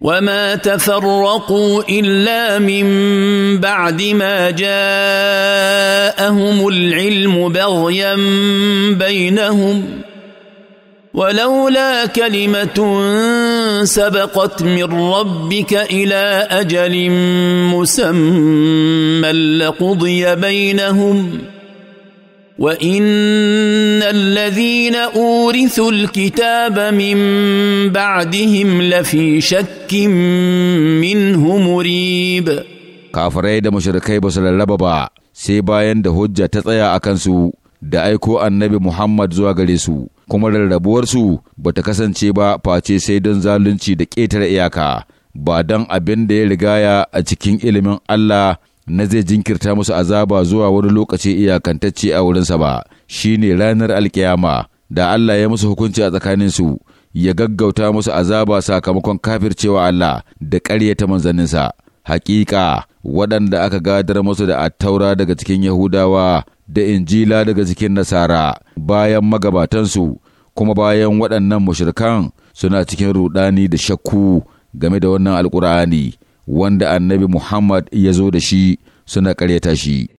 وما تفرقوا الا من بعد ما جاءهم العلم بغيا بينهم ولولا كلمه سبقت من ربك الى اجل مسمى لقضي بينهم وان الذين اورثوا الكتاب من بعدهم لفي شك منه مريب kafirai da mashirikai basu su lallaba ba sai bayan da hujja ta tsaya a kansu da aiko annabi Muhammad zuwa gare su kuma rarrabuwarsu ba ta kasance ba face sai don zalunci da ƙetare iyaka ba don abin da ya rigaya a cikin ilimin Allah na zai jinkirta musu azaba zuwa wani lokaci iyakantacce a wurinsa ba shi ne ranar alkiyama da Allah ya musu hukunci a tsakaninsu ya gaggauta musu azaba sakamakon kafircewa Allah da ƙaryata manzanninsa hakika waɗanda aka gadar musu da attaura daga cikin Yahudawa da injila daga cikin Nasara bayan magabatansu kuma bayan waɗannan mushrikan suna cikin rudani da shakku game da wannan alkur'ani wanda annabi Muhammad ya zo da shi suna ƙaryata shi.